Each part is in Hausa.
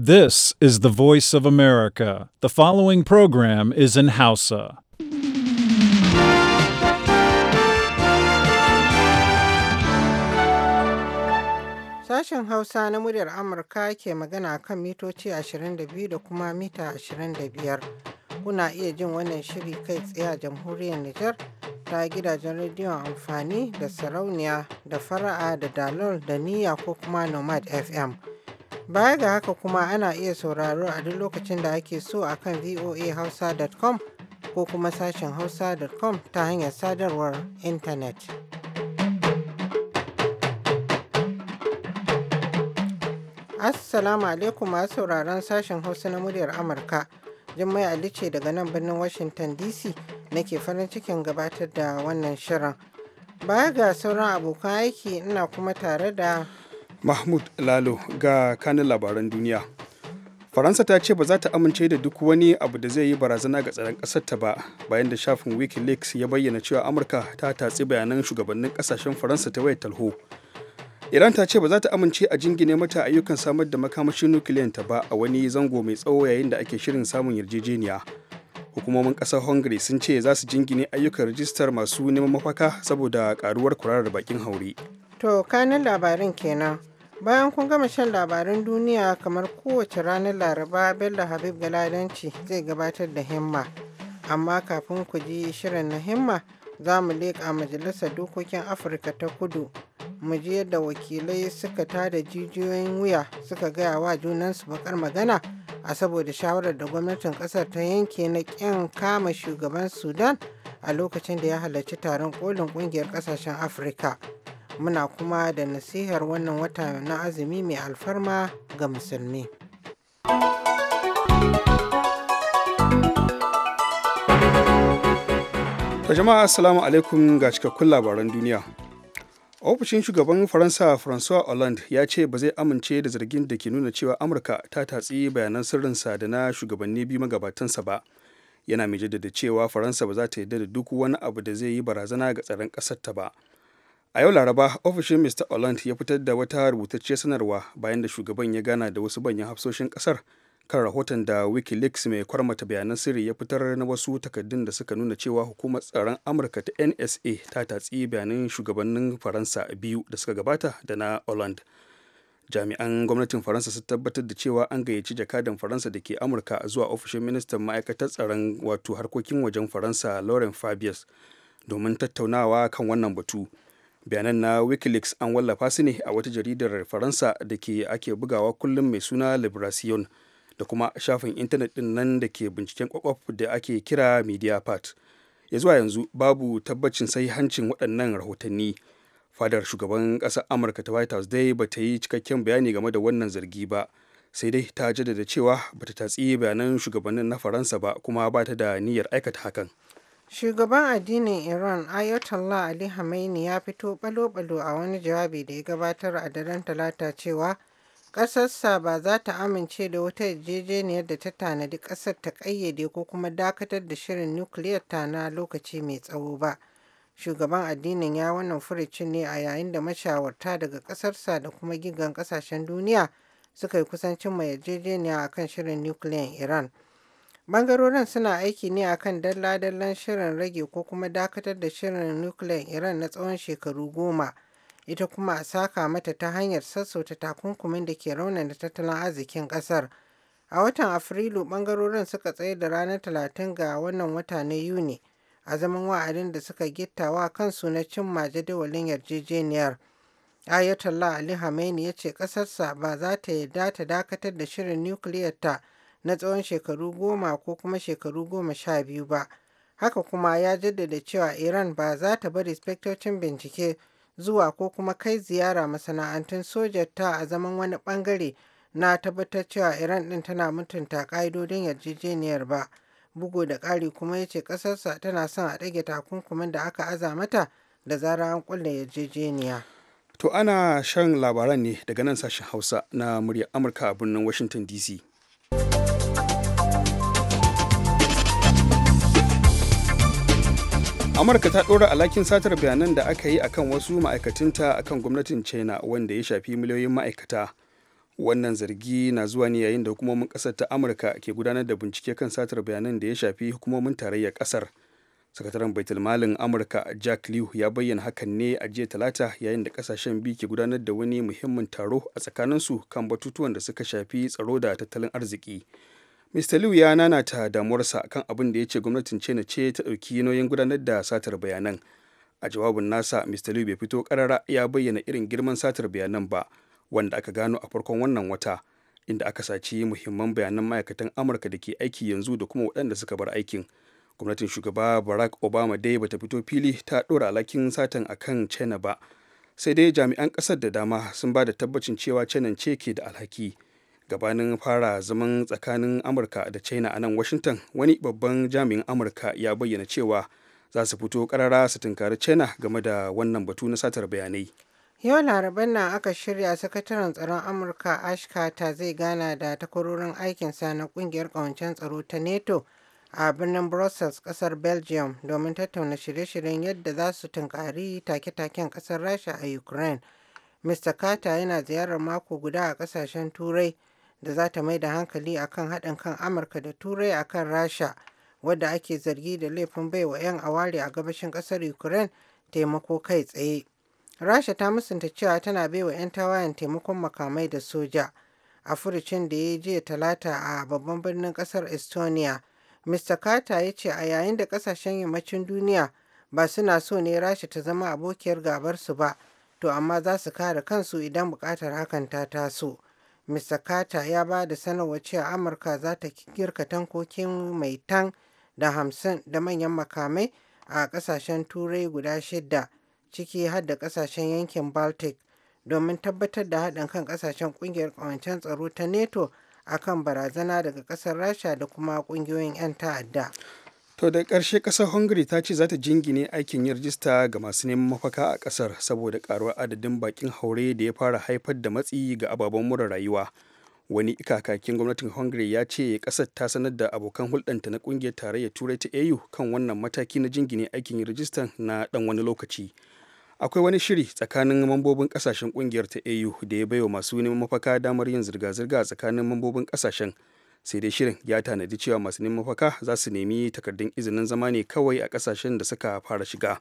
This is the voice of America. The following program is in Hausa. Sashen Hausa na muryar Amurka ke magana kan mitoci 22 da kuma mita 25. Kuna iya jin wannan shiri kai tsaye a jamhuriyar Nijar ta gidajen rediyon amfani da sarauniya da fara'a da dalol da niyya ko kuma nomad FM. Baya ga haka kuma ana iya sauraro a duk lokacin da ake so a kan voahausa.com ko kuma sashen hausa.com ta hanyar sadarwar intanet. Assalamu alaikum masu sauraron sashen hausa na muryar Amurka. Jummai Ali ce daga nan birnin Washington DC nake farin cikin gabatar da wannan shirin. Baya ga sauran abokan aiki ina kuma tare da Mahmud Lalo ga kanin labaran duniya. Faransa ta ce ba za ta amince da duk wani abu da zai yi barazana ga tsaron ƙasar ta ba, bayan da shafin Wikileaks ya bayyana cewa Amurka ta tatsi bayanan shugabannin ƙasashen Faransa ta wayar talho. Iran ta ce ba za ta amince a jingine mata ayyukan samar da makamashin nukiliyan ta ba a wani zango mai tsawo yayin da ake shirin samun yarjejeniya. hukumomin kasar hungary sun ce za su jingine ayyukan rijistar masu neman mafaka saboda karuwar kurarar bakin haure to kanin labarin kenan bayan kun gama shan labarin duniya kamar kowace ranar laraba bello habib galadanci zai gabatar da himma amma kafin ku ji shirin na himma za mu leƙa majalisar dokokin afirka ta kudu mu ji yadda wakilai suka tada jijiyoyin wuya suka gaya wa junansu bakar magana a saboda shawarar da gwamnatin kasar ta yanke na ƙin kama shugaban sudan a lokacin da ya halarci taron kolin ƙungiyar ƙasashen afirka muna kuma da nasihar wannan wata na azumi mai alfarma ga musulmi. To jama'a assalamu alaikum ga cikakkun labaran duniya. Ofishin shugaban Faransa François Hollande ya ce ba zai amince da zargin da ke nuna cewa Amurka ta tatsi bayanan sirrinsa da na shugabanni biyu magabatansa ba. Yana mai jaddada cewa Faransa ba za ta yarda da duk wani abu da zai yi barazana ga tsaron ta ba. A yau Laraba, ofishin Mr. Hollande ya fitar da wata rubutacciyar sanarwa bayan da shugaban ya gana da wasu banyan hafsoshin ƙasar kan rahoton da wikileaks mai kwarmata bayanan sirri ya fitar na wasu takaddun da suka nuna cewa hukumar tsaron amurka ta nsa ta tatsi bayanan shugabannin faransa biyu da suka gabata da na holland jami'an gwamnatin faransa su tabbatar da cewa an gayyaci jakadan faransa da ke amurka zuwa ofishin ministan ma'aikatar tsaron wato harkokin wajen faransa lauren fabius domin tattaunawa kan wannan batu bayanan na wikileaks an wallafa su ne a wata jaridar faransa da ke ake bugawa kullum mai suna liberation da kuma shafin intanet ɗin nan da ke binciken kwakwaf da ake kira mediapart ya zuwa yanzu babu tabbacin sai hancin waɗannan rahotanni fadar shugaban ƙasar amurka ta white house dai ba ta yi cikakken bayani game da wannan zargi ba sai dai ta jaddada cewa ba ta tatsi bayanan shugabannin na faransa ba kuma ba ta da niyyar aikata hakan shugaban addinin iran ayatollah ali hamaini ya fito balo-balo a wani jawabi da ya gabatar a daren talata cewa ƙasarsa ba za ta amince da wata yarjejeniyar da ta tanadi ƙasar ta ƙayyade ko kuma dakatar da shirin nukiliyar ta na lokaci mai tsawo ba. Shugaban addinin ya wannan furicin ne a yayin da mashawarta daga ƙasarsa da kuma gigan ƙasashen duniya suka yi kusancin mai yarjejeniya akan shirin nukiliyan Iran. Bangarorin suna aiki ne akan dalla-dallan shirin rage ko kuma dakatar da shirin nukiliyan Iran na tsawon shekaru goma. ita kuma a saka mata ta hanyar sassauta takunkumin da ke raunana tattalin arzikin kasar a watan afrilu bangarorin suka tsaye da ranar talatin ga wannan wata na yuni a zaman wa'adin da suka gittawa kansu na cimma jadawalin yarjejeniyar ayatollah ali hamaini ya ce kasarsa ba za ta yarda ta dakatar da shirin nukiliyar ta na tsawon shekaru goma ko kuma shekaru goma sha biyu ba haka kuma ya jaddada cewa iran ba za ta bari spektocin bincike zuwa ko kuma kai ziyara masana'antun sojar ta a zaman wani bangare na tabbatar cewa Iran din tana mutunta ƙa'idodin yarjejeniyar ba. Bugu da ƙari kuma ya ce ƙasarsa tana son a ɗage takunkumin da aka aza mata da zarar an kulle yarjejeniya. To ana shan labaran ne daga nan sashen Hausa na murya Amurka a birnin Washington DC. amurka ta ɗora alakin satar bayanan da aka yi akan wasu ma'aikatunta akan gwamnatin china wanda ya shafi miliyoyin ma'aikata wannan zargi na zuwa ne yayin da hukumomin ƙasar ta amurka ke gudanar da bincike kan satar bayanan da ya shafi hukumomin tarayyar ƙasar sakataren malin amurka jack lew ya bayyana hakan ne a jiya talata yayin da ƙasashen biyu ke gudanar da wani muhimmin taro a tsakaninsu kan batutuwan da suka shafi tsaro da tattalin arziki Mr. Liu ya nanata damuwarsa kan abin da ya ce gwamnatin China ce ta ɗauki nauyin gudanar da satar bayanan. A jawabin nasa, Mr. Liu bai fito karara ya bayyana irin girman satar bayanan ba, wanda aka gano a farkon wannan wata, inda aka saci muhimman bayanan ma'aikatan Amurka da ke aiki yanzu da kuma waɗanda suka bar aikin. Gwamnatin shugaba Barack Obama dai bata fito fili ta ɗora alhakin satan a kan China ba. Sai dai jami'an ƙasar da dama sun ba da tabbacin cewa China ce ke da alhaki. gabanin fara zaman tsakanin amurka da china a nan washington wani babban jami'in amurka ya bayyana cewa za su fito karara su tunkari china game da wannan batu na satar bayanai yau laraban na aka shirya sakataren tsaron amurka ashkata zai gana da takwarorin aikinsa na kungiyar kawancen tsaro ta neto a birnin brussels kasar belgium domin tattauna shirye-shiryen yadda za su tunkari take-taken kasar rasha a ukraine mr carter yana ziyarar mako guda a kasashen turai da za ta mai da hankali a kan haɗin kan amurka da turai a kan rasha wadda ake zargi da laifin bai wa 'yan aware a gabashin ƙasar ukraine taimako kai tsaye rasha ta musanta cewa tana bai wa 'yan tawayen taimakon makamai da soja a furucin da ya jiya talata a babban birnin ƙasar estonia mr kata ya ce a yayin da ƙasashen yammacin duniya ba suna so ne rasha ta zama abokiyar gabar su ba to amma za su kare kansu idan bukatar hakan ta taso Mr. Carter ya ba da sanarwa cewa Amurka za ta girka tankokin mai tan da hamsin da manyan makamai a ƙasashen Turai guda shidda ciki har da ƙasashen yankin Baltic domin tabbatar da haɗin kan ƙasashen ƙungiyar ƙawancen tsaro ta NATO akan barazana daga ƙasar Rasha da kuma ƙungiyoyin 'yan ta'adda. to da ƙarshe ƙasar hungary ta ce za ta jingine aikin yin rajista ga masu neman mafaka a ƙasar saboda ƙaruwar adadin bakin haure da ya fara haifar da matsi ga ababen mura rayuwa wani ikakakin gwamnatin hungary ya ce ƙasar ta sanar da abokan hulɗanta na ƙungiyar tarayyar turai ta au kan wannan mataki na jingine aikin yin rajista na ɗan wani lokaci akwai wani shiri tsakanin mambobin ƙasashen ƙungiyar ta au da ya baiwa masu neman mafaka damar yin zirga-zirga tsakanin mambobin ƙasashen sai dai shirin ya tanadi cewa masu neman mafaka za su nemi takardun izinin zama ne kawai a kasashen da suka fara shiga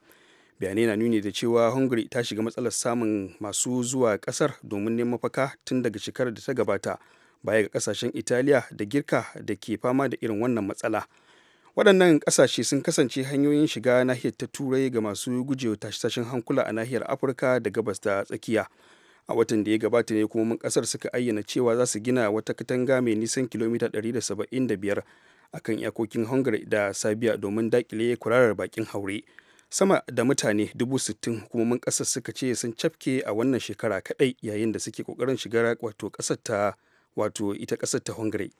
bayanai na nuni da cewa hungary ta shiga matsalar samun masu zuwa kasar domin neman mafaka tun daga shekarar da ta gabata baya ga kasashen italiya da girka da ke fama da irin wannan matsala waɗannan ƙasashe sun kasance hanyoyin shiga nahiyar ta turai ga masu gujewa tashe-tashen hankula a nahiyar afirka da gabas da tsakiya a watan da ya gabata ne kuma mun kasar suka ayyana cewa za su gina wata katanga mai nisan kilomita 175 a kan iyakokin hungary da sabiya domin dakile kurarar bakin haure sama da mutane 60,000 mun kasar suka ce sun cafke a wannan shekara kadai yayin da suke kokarin shigar wato kasar ta wato ita kasar ta hungary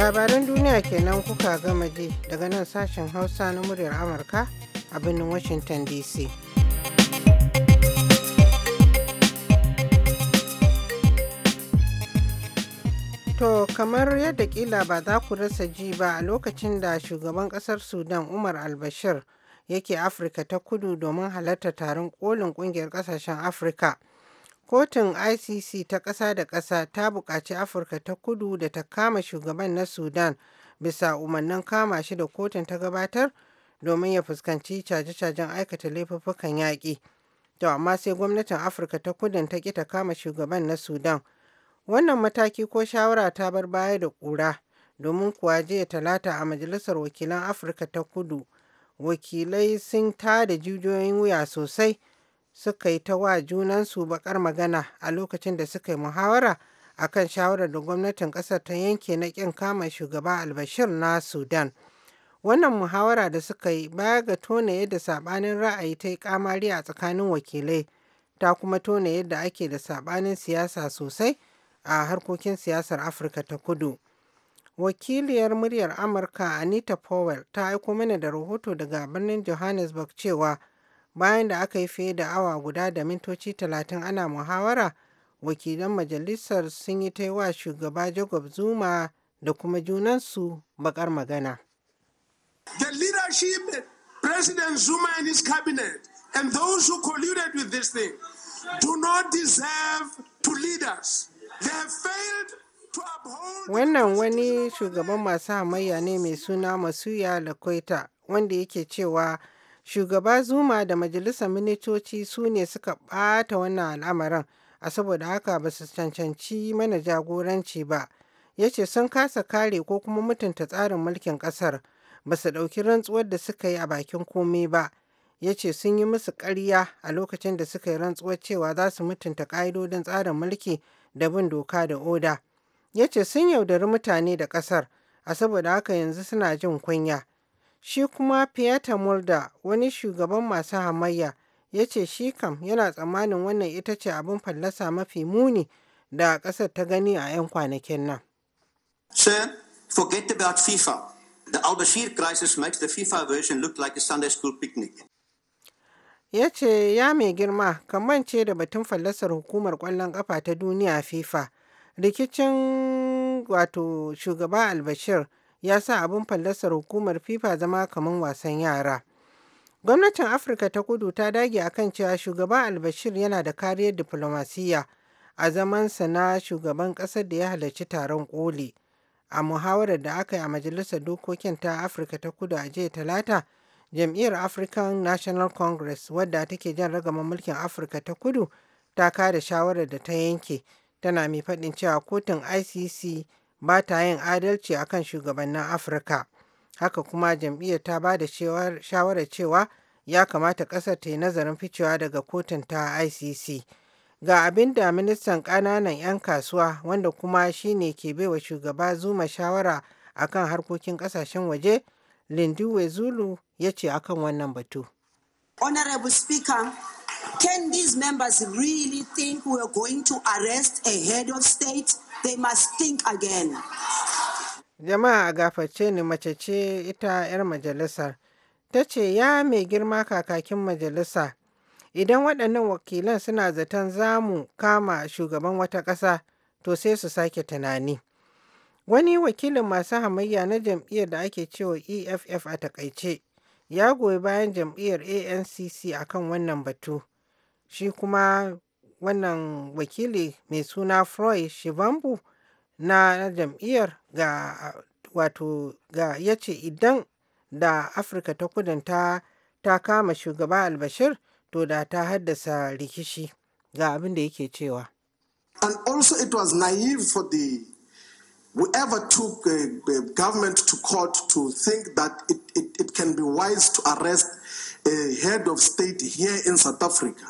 Labaran duniya kenan kuka gama ji daga nan sashen Hausa na muryar Amurka a birnin Washington DC. To kamar yadda kila ba za ku rasa ji ba a lokacin da shugaban kasar Sudan Umar albashir yake Afirka ta kudu domin halarta taron kolin kungiyar kasashen Afirka. Kotun ICC ta ƙasa da ƙasa ta buƙaci Afirka ta kudu da ta kama shugaban na Sudan bisa umarnin kama shi da kotun ta gabatar domin ya fuskanci caje-cajen aikata laifuffukan yaƙi. To amma sai gwamnatin Afirka ta kudin ta ƙi ta kama shugaban na Sudan. Wannan mataki ko shawara ta bar baya da ƙura domin kuwa jiya talata a Majalisar Wakilan Afirka ta Kudu wakilai sun tada jijiyoyin wuya sosai suka yi ta wa junansu bakar magana a lokacin da suka yi muhawara a kan shawarar da gwamnatin kasar ta yanke na ƙin kama shugaba albashir na sudan wannan muhawara da suka yi baya ga tona yadda saɓanin ra'ayi ta yi kamari a tsakanin wakilai ta kuma tona yadda ake da saɓanin siyasa sosai a harkokin siyasar afirka ta kudu wakiliyar muryar amurka anita powell ta aiko mana da rahoto daga birnin johannesburg cewa bayan da aka yi fiye da awa guda da mintoci talatin ana muhawara wakilan majalisar sun yi ta wa shugaba jacob zuma da kuma junansu bakar magana the leadership president zuma and his cabinet and those who colluded with this thing do not deserve to lead us they have failed Wannan wani shugaban masu hamayya ne mai suna Masuya Lakwaita wanda yake cewa Shugaba Zuma da majalisar ministoci su ne suka ɓata wannan al'amarin, a saboda haka ba su cancanci mana jagoranci ba. Ya ce sun kasa kare ko kuma mutunta tsarin mulkin ƙasar, ba su ɗauki rantsuwar da suka yi a bakin komai ba. Ya ce sun yi musu karya a lokacin da suka yi rantsuwar cewa za su mutunta ƙa'idodin tsarin mulki da bin doka da oda. Ya ce sun yaudari mutane da ƙasar, a saboda haka yanzu suna jin kunya. Shi kuma Pieter Mulder, wani shugaban masu hamayya, ya ce shi kam yana tsammanin wannan ita ce abin fallasa mafi muni da ƙasar ta gani a 'yan kwanakin nan. Sir, forget about FIFA. The Al-Bashir crisis makes the FIFA version look like a Sunday school picnic. ya ce ya mai girma ce da batun fallasar hukumar kwallon ƙafa ta duniya fifa rikicin wato shugaba albashir ya sa abin fallasar hukumar FIFA zama kamar wasan yara. Gwamnatin Afirka ta kudu ta dage akan cewa shugaba Albashir yana da kariyar diflomasiyya a zamansa na shugaban ƙasar da ya halarci taron koli. A muhawarar da aka yi a Majalisar Dokokin ta Afirka ta kudu a jiya Talata, jam'iyyar African National Congress wadda take jan ragaman mulkin Afirka ta kudu ta kada shawarar da ta yanke tana mai faɗin cewa kotun ICC ba ta yin adalci a kan shugabannin Afirka. Haka kuma jam'iyyar ta ba da shawarar cewa ya kamata ƙasar ta yi nazarin ficewa daga kotun ta ICC. Ga abin da ministan ƙananan 'yan kasuwa wanda kuma shine ne ke baiwa shugaba Zuma shawara a kan harkokin ƙasashen waje, Lindiwe Zulu ya ce akan wannan batu. Honorable Speaker, can these members really think we are going to arrest a head of state? they must think again. Jama'a a gaface ni mace ce ita 'yar majalisar. Ta ce ya mai girma kakakin majalisa idan waɗannan wakilan suna zaton zamu kama shugaban wata ƙasa to sai su sake tunani. Wani wakilin masu hamayya na jam'iyyar da ake cewa EFF a takaice ya goyi bayan jam'iyyar ANCC akan wannan batu. Shi kuma wannan wakili mai suna Shivambu na jam'iyyar ga wato ga ya ce idan da Afirka ta kudanta ta kama shugaba albashir to da ta haddasa ga abin da yake cewa. And also it was naive for the whoever took uh, government to court to think that it, it, it can be wise to arrest a head of state here in South Africa.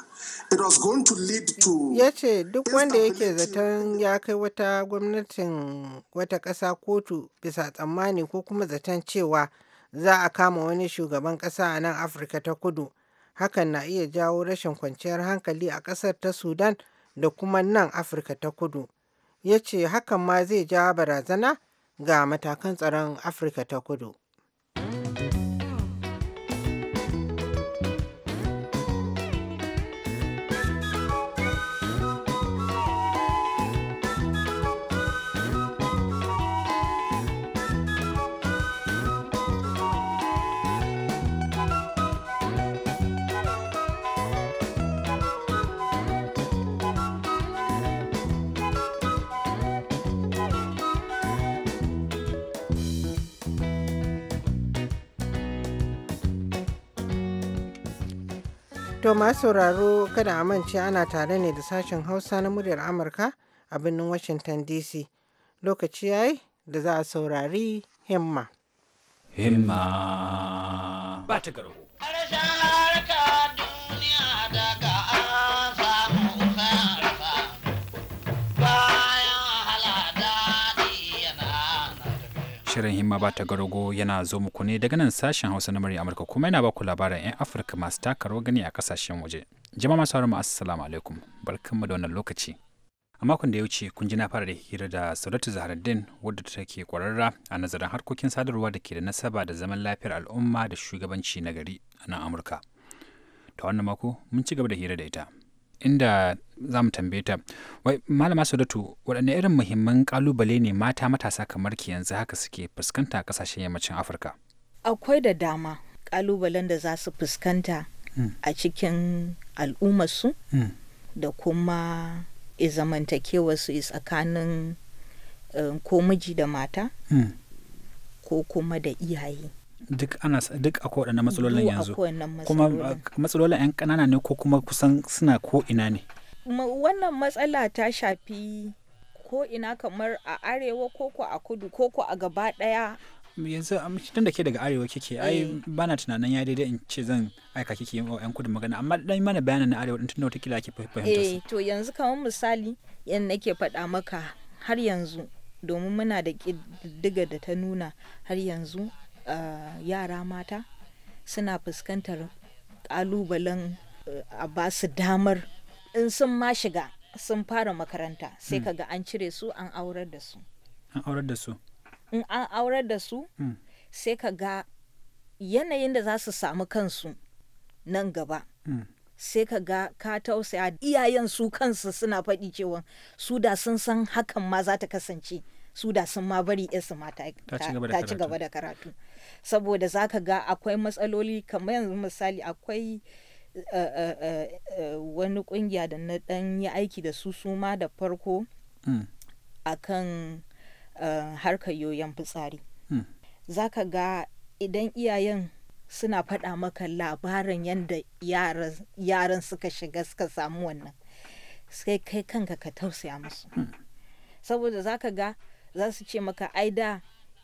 ya ce duk wanda yake zaton ya kai wata gwamnatin wata ƙasa kotu bisa tsammani ko kuma zaton cewa za a kama wani shugaban ƙasa a nan afirka ta kudu hakan na iya jawo rashin kwanciyar hankali a ƙasar ta sudan da kuma nan afirka ta kudu ya ce hakan ma zai ja barazana ga matakan tsaron afirka ta kudu To masu sauraro kada a mance ana tare ne da sashen Hausa na muryar Amurka a birnin Washington DC. Lokaci yayi da za a saurari himma. Himma ba ta shirin himma ba ta garogo yana zo muku ne daga nan sashen hausa na murya amurka kuma yana ba ku labaran 'yan afirka masu takarwa gani a kasashen waje jama'a masu haramu assalamu alaikum barkanmu da wannan lokaci a makon da ya wuce kun ji na fara da hira da saudatu zaharaddin wadda ta ke kwararra a nazarin harkokin sadarwa da ke da nasaba da zaman lafiyar al'umma da shugabanci na gari a nan amurka ta wannan mako mun ci gaba da hira da ita inda za mu tambaye ta wai malama sadatu waɗanne irin muhimman kalubale ne mata matasa kamar ki yanzu haka suke fuskanta a ƙasashen yammacin afirka akwai da dama ƙalubalen da za su fuskanta hmm. a cikin al'ummarsu hmm. da kuma su tsakanin eh, ko miji da mata hmm. ko kuma da iyaye duk ana duk a matsalolin yanzu kuma ah, matsalolin 'yan kanana ne ko kuma kusan suna ko ina ne wannan matsala ta shafi ko ina kamar a arewa ko ko a kudu ko ko a gaba ɗaya yanzu tun da ke daga arewa kike ai eh. bana tunanin ya daidai in ce zan aika kike yin yan kudu magana amma dan mana bayanin na arewa din tun wata kila ke fahimta eh to yanzu kamar misali yan nake faɗa maka har yanzu domin muna da ƙiddiga da ta nuna har yanzu yara mata suna fuskantar ƙalubalen eh, a ba su damar in sun ma shiga sun fara makaranta sai hmm. ka ga an cire su an aurar da su an aurar da su in an aurar da su hmm. sai ka ga yanayin da za su samu kansu nan gaba hmm. sai ka ga ka tausaya iyayen su kansu suna faɗi cewa su da sun san hakan ma za ta kasance su da sun ma bari yarsu ma ta ci gaba da karatu saboda zaka ga akwai matsaloli kamar yanzu misali akwai eh, eh, eh, wani kungiya da na dan yi aiki da su ma da farko mm. akan harkar yoyon fitsari mm. zaka ga idan iyayen suna faɗa maka labarin yadda yaran suka shiga suka samu wannan sai kai kanka ka tausaya musu mm. saboda zaka ga za su ce maka ai da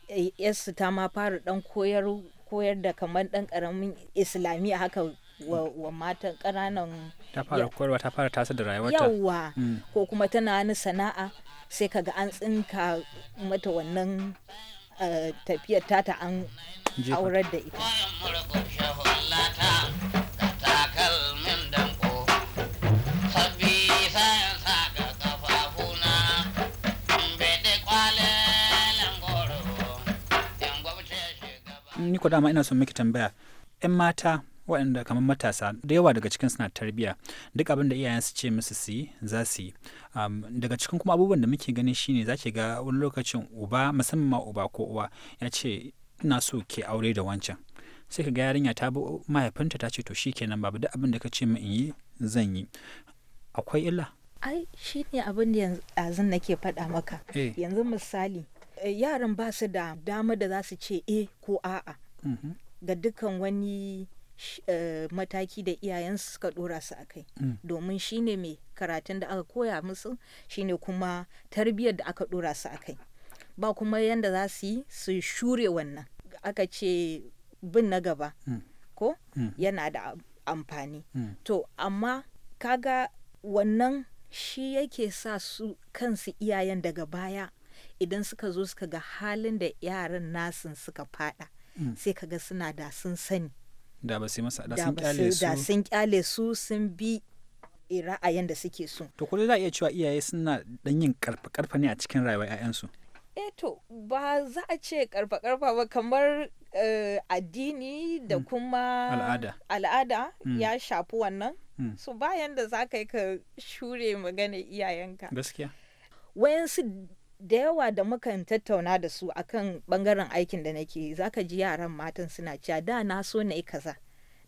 eh, su ta ma fara dan koyar koyar da kamar dan karamin islamiyya haka wa, wa matan ƙananan ta fara koyarwa ta fara tasa da rayuwarta yawa mm. ko kuma tana wani sana'a sai kaga an tsinka mata wannan eh, tafiyar tata an aurar da ita ni ko dama ina son miki tambaya yan mata waɗanda kamar matasa da yawa daga cikin suna tarbiyya duk abin da iyayen su ce musu su yi za su yi daga cikin kuma abubuwan da muke gani shine za ki ga wani lokacin uba musamman ma uba ko uwa ya ce ina so ke aure da wancan sai ka ga yarinya ta bi mahaifinta ta ce to kenan babu duk abin da ka ce min in yi zan yi akwai illa ai shi ne abin da yanzu nake faɗa maka eh. yanzu misali eh, yaran ba su da dama da za su ce eh ko a'a Mm-hmm. ga dukkan wani eh, mataki da iyayensu suka dora su a kai mm. domin shi ne mai karatun da aka koya musu shi ne kuma tarbiyyar da aka dora su a kai ba kuma yadda za su yi su shure wannan aka ce bin na gaba mm. ko mm. yana da amfani to amma kaga wannan shi yake sa su kansu iyayen daga baya idan suka zo suka ga halin da yaran nasin suka fada Mm. sai ka ga suna da sun sani da ba sai masa da sun kyale su sun kyale su sun bi ra'ayin da suke so to ko za a iya cewa iyaye suna dan yin karfa karfa ne a cikin rayuwar su. eh to ba za a ce karfa karfa ba kamar eh, addini da mm. kuma al'ada al'ada mm. ya shafi wannan so bayan da za ka yi ka shure magana iyayenka gaskiya wayansu da yawa da mukan tattauna da su akan ɓangaren aikin da nake za ka ji yaran matan suna cewa da na so na yi kaza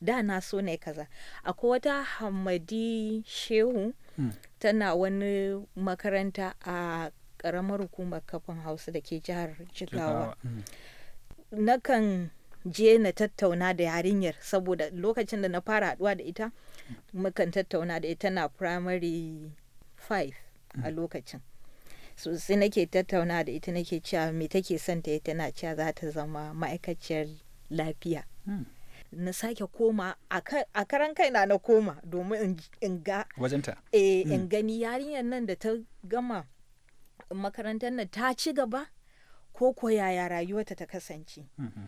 da na so na yi kaza akwai wata hamadi shehu hmm. tana wani makaranta a ƙaramar hukumar kafin hausa da ke jihar jigawa na hmm. nakan je na tattauna da yarinyar saboda lokacin da na fara haduwa da ita mukan tattauna da ita na primary 5 a hmm. lokacin sosai nake tattauna da ita nake cewa me take son ta yi tana cewa za ta zama ma'aikaciyar lafiya hmm. na sake koma a karan kaina na koma domin in ga wajenta eh in hmm. gani yarinyar nan da ta gama makarantar nan ta ci gaba ko ko yaya rayuwarta ta kasance hmm.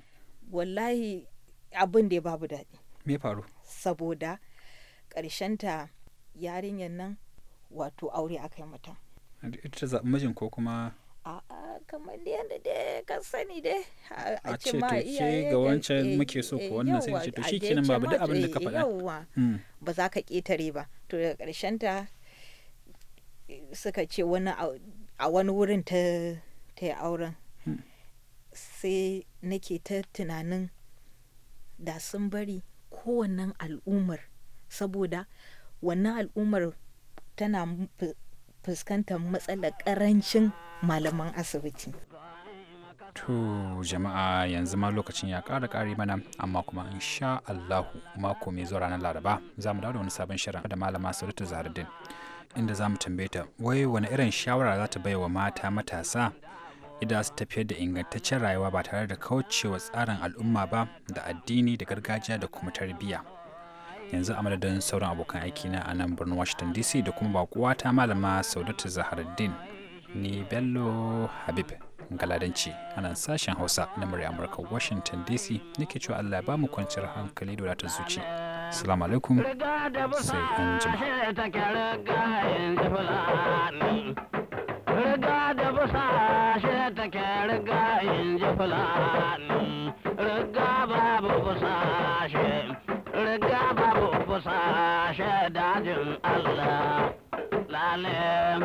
wallahi abin da ya babu daɗi me faru saboda ƙarshenta yarinyar nan wato aure yi mutum ita ta zaɓi mijin ko kuma kamar yadda da ka sani da a ce ma ce ga wancan muke so ko eh, wannan sai ce to shi kenan babu duk abin da ka faɗa mm. ba za ka ƙetare ba to daga ƙarshen ta suka ce wani a wani wurin ta ta yi auren mm. sai nake ta tunanin da sun bari kowannen al'ummar saboda wannan al'ummar tana fuskantar matsalar karancin malaman asibiti. To jama'a yanzu ma lokacin ya kara kare mana amma kuma in sha Allahu mako mai zuwa ranar Laraba za mu dawo da wani sabon shirin da malama Sulatu Zaharuddin inda za mu tambaye ta wai wani irin shawara za ta bai wa mata matasa idan su tafiyar da ingantaccen rayuwa ba tare da kaucewa tsarin al'umma ba da addini da gargajiya da kuma tarbiyya. yanzu a madadin sauran abokan aiki na a nan birnin washington dc da kuma bakuwa ta malama saudatu zaharuddin ni bello habib galadanci a nan sashen hausa na murya amurka washington dc nake cewa allah ba mu kwanciyar hankali da ta zuci salamu alaikum sai an jima ne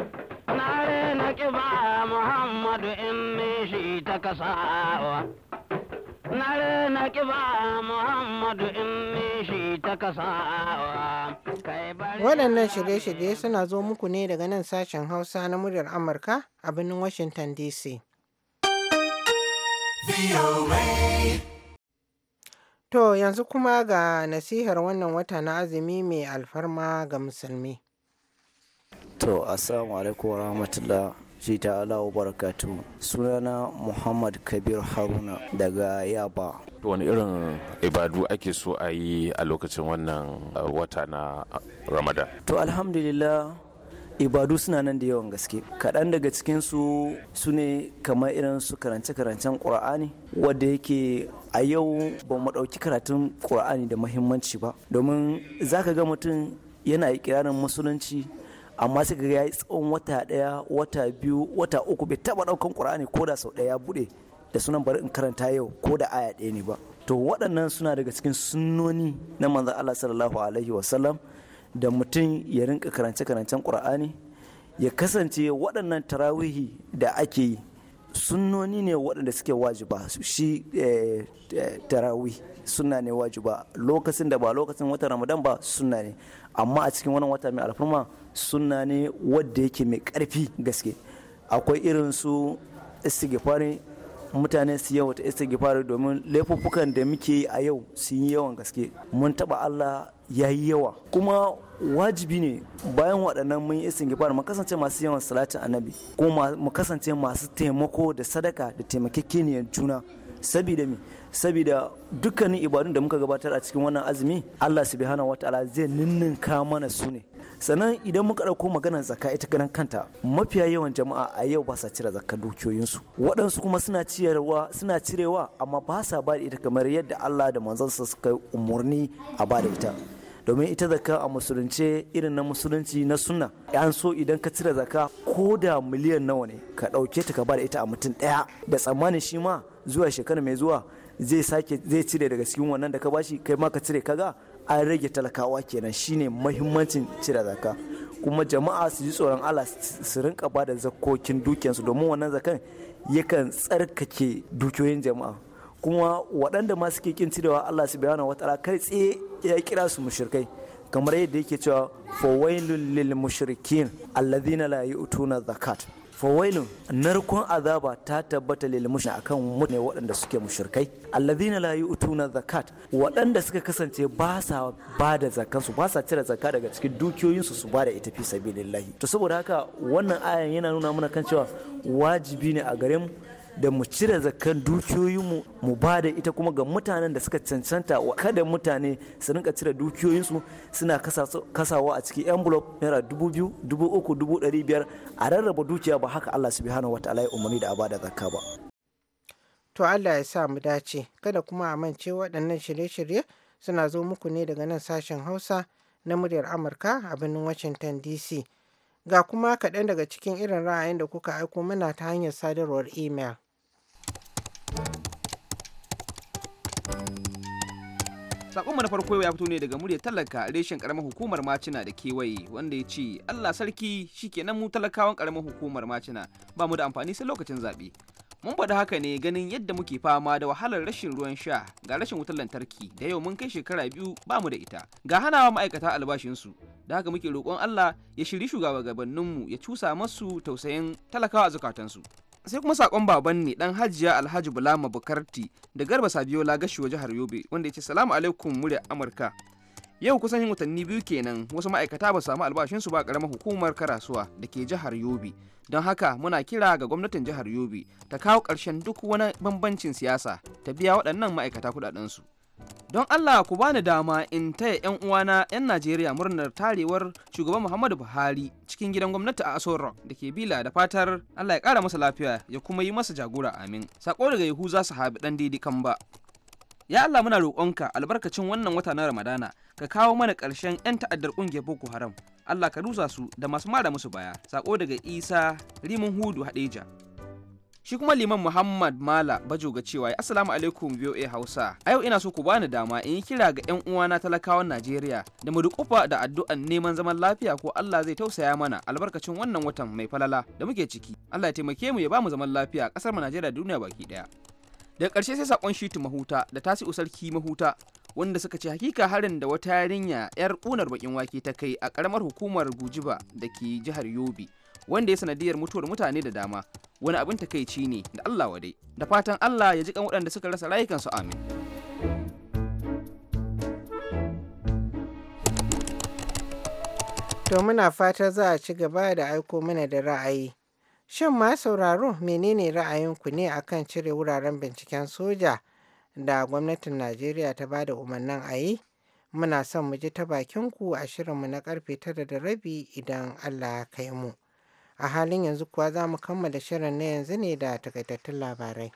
na na kiba muhammadu in ta kasawa na na kiba muhammadu in ta kasawa waɗannan shirye-shirye suna zo muku ne daga nan sashen hausa na muryar amurka a birnin washington dc To yanzu kuma ga nasihar wannan wata na azumi mai alfarma ga musulmi. To, Assalamu alaikum wa rahmatullah. shi ta'ala barakatu sunana muhammad kabir haruna daga yaba wani irin ibadu ake so a yi a lokacin wannan uh, wata na ramadan to alhamdulillah ibadu suna nan da yawan gaske kaɗan daga cikinsu su ne kamar irin su karance-karancen ƙur'ani wadda yake a yau ba mu ɗauki karatun ƙur'ani da mahimmanci ba domin za ka ga mutum yana ikirarin musulunci amma sai ga yayi tsawon wata daya wata biyu wata uku bai taba daukan qur'ani ko da sau daya ya bude da sunan bari in karanta yau ko da aya daya ne ba to waɗannan suna daga cikin sunnoni na manzon Allah sallallahu alaihi wasallam da mutum ya rinka karance karancen qur'ani ya kasance waɗannan tarawihi da ake yi sunnoni ne waɗanda suke wajiba shi eh, eh, tarawih sunna ne wajiba lokacin da ba lokacin watan ramadan ba sunna ne amma a cikin wannan wata mai alfarma sunna ne wadda yake mai karfi gaske akwai irin su istighfari mutane su yawa ta istighfari domin laifuffukan da muke a yau sun yi yawan gaske mun taba Allah ya yi yawa kuma wajibi ne bayan waɗannan mun yi istighfar mu kasance masu yawan salatin annabi kuma mu kasance masu taimako da sadaka da taimakekeniyar juna sabida saboda dukkanin ibadun da muka gabatar a cikin wannan azumi Allah subhanahu wataala zai ninninka mana su ne sannan idan muka ɗauko maganar zaka ita ganin kanta mafiya yawan jama'a a yau ba sa cire zakka dukiyoyinsu waɗansu kuma suna cirewa suna cirewa amma ba sa ba da ita kamar yadda Allah da manzansa suka umarni a ba da ita domin ita zaka a musulunce irin na musulunci na sunna yan so idan ka cire zaka ko da miliyan nawa ne ka ɗauke ta ka ba da ita a mutum ɗaya da tsammanin shi ma zuwa shekara mai zuwa zai sake zai cire daga cikin wannan da ka bashi kai ma ka cire kaga an rage talakawa kenan shine mahimmancin cire zaka kuma jama'a su ji tsoron Allah su rinka bada zakokin dukiyarsu domin wannan zakan yakan tsarkake dukiyoyin jama'a kuma waɗanda ma suke kin cirewa Allah subhanahu wata kai tsaye ya kira su mushrikai kamar yadda yake cewa fawailul lil mushrikin alladhina la yu'tuna zakat fawailun narkon azaba ta tabbata lil mushna akan mutane waɗanda suke mushrikai alladhina la yu'tuna zakat waɗanda suka kasance ba sa ba da zakan su ba sa cire zakka daga cikin dukiyoyinsu su ba da ita fi sabilillahi to saboda haka wannan ayan yana nuna mana kan cewa wajibi ne a gare mu da mu cire zakan dukiyoyinmu mu ba da ita kuma ga mutanen da suka cancanta kada mutane su rinka cire dukiyoyinsu suna kasawa a cikin envelope naira dubu biyu dubu uku dubu ɗari biyar a rarraba dukiya ba haka Allah subhanahu wa ta'ala ya umarni da a ba zakka ba. To Allah ya sa mu dace kada kuma a mance waɗannan shirye-shirye suna zo muku ne daga nan sashen Hausa na muryar Amurka a birnin Washington DC. Ga kuma kaɗan daga cikin irin ra'ayin da kuka aiko mana ta hanyar sadarwar email. Sakonmu na farko ya fito ne daga murya talaka reshen karamar hukumar Macina da kewaye wanda ya ce Allah sarki shi shikenan mu talakawan karamar hukumar Macina ba mu da amfani sai lokacin zaɓe. Mun faɗi haka ne ganin yadda muke fama da wahalar rashin ruwan sha ga rashin wutar lantarki da yau mun kai shekara biyu ba mu da ita ga hanawa ma'aikata albashinsu da haka muke roƙon Allah ya shiri shugabanninmu ya cusa masu tausayin talakawa a zukatansu. sai kuma sakon baban ne dan hajiya alhaji bulama bukarti da garba sabiola gashiwa jihar yobe wanda ya ce salamu alaikum murya amurka yau kusan yin watanni biyu kenan wasu ma'aikata ba samu albashinsu ba karamar hukumar karasuwa da ke jihar yobe don haka muna kira ga gwamnatin jihar yobe ta kawo ƙarshen duk wani bambancin siyasa ta biya waɗannan ma'aikata su. don Allah ku bani dama in taya 'yan uwana 'yan Najeriya murnar tarewar shugaban Muhammadu Buhari cikin gidan gwamnati a Aso da ke Bila da fatar Allah ya kara masa lafiya ya kuma yi masa jagora amin. Sako daga Yahuza Sahabi dan kan ba. Ya Allah muna roƙonka albarkacin wannan wata na Ramadana ka kawo mana ƙarshen 'yan ta'addar ƙungiyar Boko Haram. Allah ka rusa su da masu mara musu baya. Sako daga Isa Rimin Hudu Hadeja. shi kuma liman muhammad mala bajo ga cewa assalamu alaikum voa hausa a yau ina so ku bani dama in yi kira ga yan uwana talakawan najeriya da mu dukufa da addu'an neman zaman lafiya ko allah zai tausaya mana albarkacin wannan watan mai falala da muke ciki allah ya taimake mu ya bamu zaman lafiya kasar mu najeriya da duniya baki daya daga karshe sai sakon shitu mahuta da tasi sarki mahuta wanda suka ce hakika harin da wata yarinya yar kunar bakin wake ta kai a karamar hukumar gujiba da ke jihar yobe wanda ya sanadiyar mutuwar mutane da dama wani abin takaici ne da Allah wadai da fatan Allah ya ji kan waɗanda suka rasa rayukansu amin to muna fata za a ci gaba da aiko mana da ra'ayi shin ma sauraro menene ku ne akan cire wuraren binciken soja da gwamnatin najeriya ta bada umarnin a yi muna son mu ji ta bakinku a shirinmu na karfe tara da rabi idan allah ya kai mu. A halin yanzu kuwa za mu kammala shirin na yanzu ne da takaitattun labarai.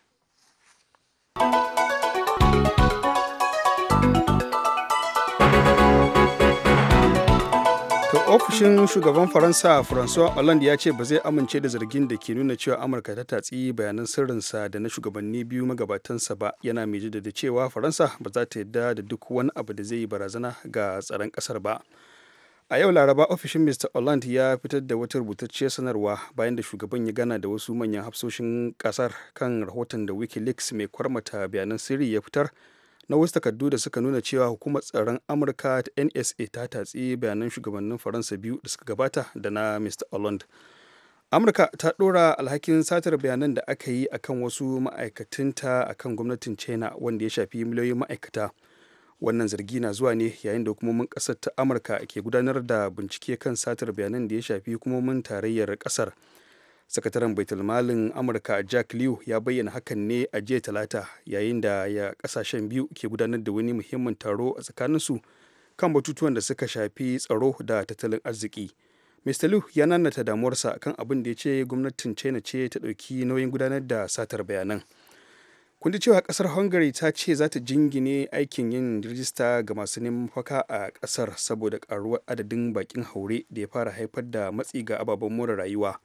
ofishin shugaban faransa francois hollande ya ce ba zai amince da zargin da ke nuna cewa amurka ta tatsi bayanan sirrinsa da na shugabanni biyu magabatansa ba yana mai jaddada cewa faransa ba za ta yarda da duk wani abu da zai yi barazana ga tsaron kasar ba. a yau laraba ofishin mr oland ya fitar da wata rubutacciyar sanarwa bayan da shugaban ya gana da wasu manyan hafsoshin kasar kan rahoton da wikileaks mai kwarmata bayanan sirri ya fitar na wasu takardu da suka nuna cewa hukumar tsaron amurka ta nsa ta tatsi bayanan shugabannin faransa biyu da suka gabata da na mr oland amurka ta ɗora alhakin satar bayanan da aka yi akan wasu ma'aikatanta akan gwamnatin china wanda ya shafi miliyoyin ma'aikata wannan zargi na zuwa ne yayin da hukumomin kasar ta amurka ke gudanar da bincike kan satar bayanan da ya shafi hukumomin tarayyar ƙasar sakataren baitulmalin amurka jack lew ya bayyana hakan ne a jiya talata yayin da ya kasashen biyu ke gudanar da wani muhimmin taro a tsakaninsu kan batutuwan da suka shafi tsaro da tattalin arziki mr lew ya nanata damuwarsa kan abin da ya ce gwamnatin china ce ta ɗauki nauyin gudanar da satar bayanan kun ji cewa kasar hungary ta ce za ta jingine aikin yin rijista ga masu neman mafaka a kasar saboda karuwar adadin bakin haure da ya fara haifar da matsi ga ababen more rayuwa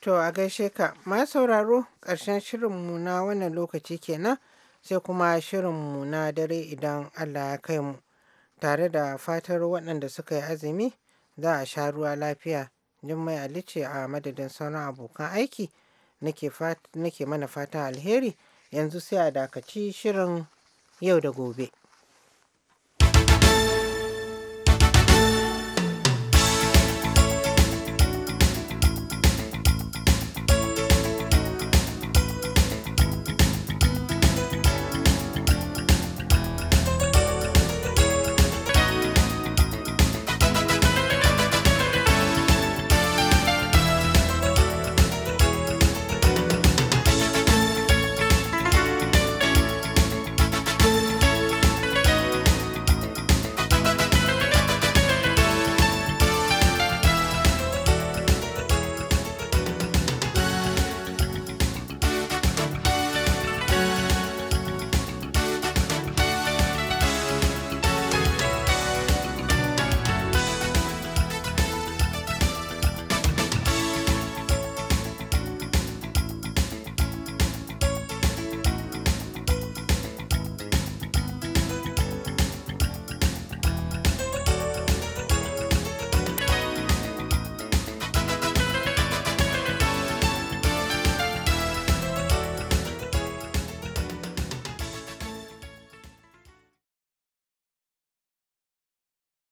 to a gaishe ka ma sauraro ƙarshen shirinmu na wannan lokaci kenan sai kuma shirinmu na dare idan allah ya kai mu tare da fatar waɗanda suka yi azumi za a sha ruwa lafiya jummai alice a madadin sauran abokan aiki nake mana fata alheri yanzu sai a dakaci shirin yau da gobe.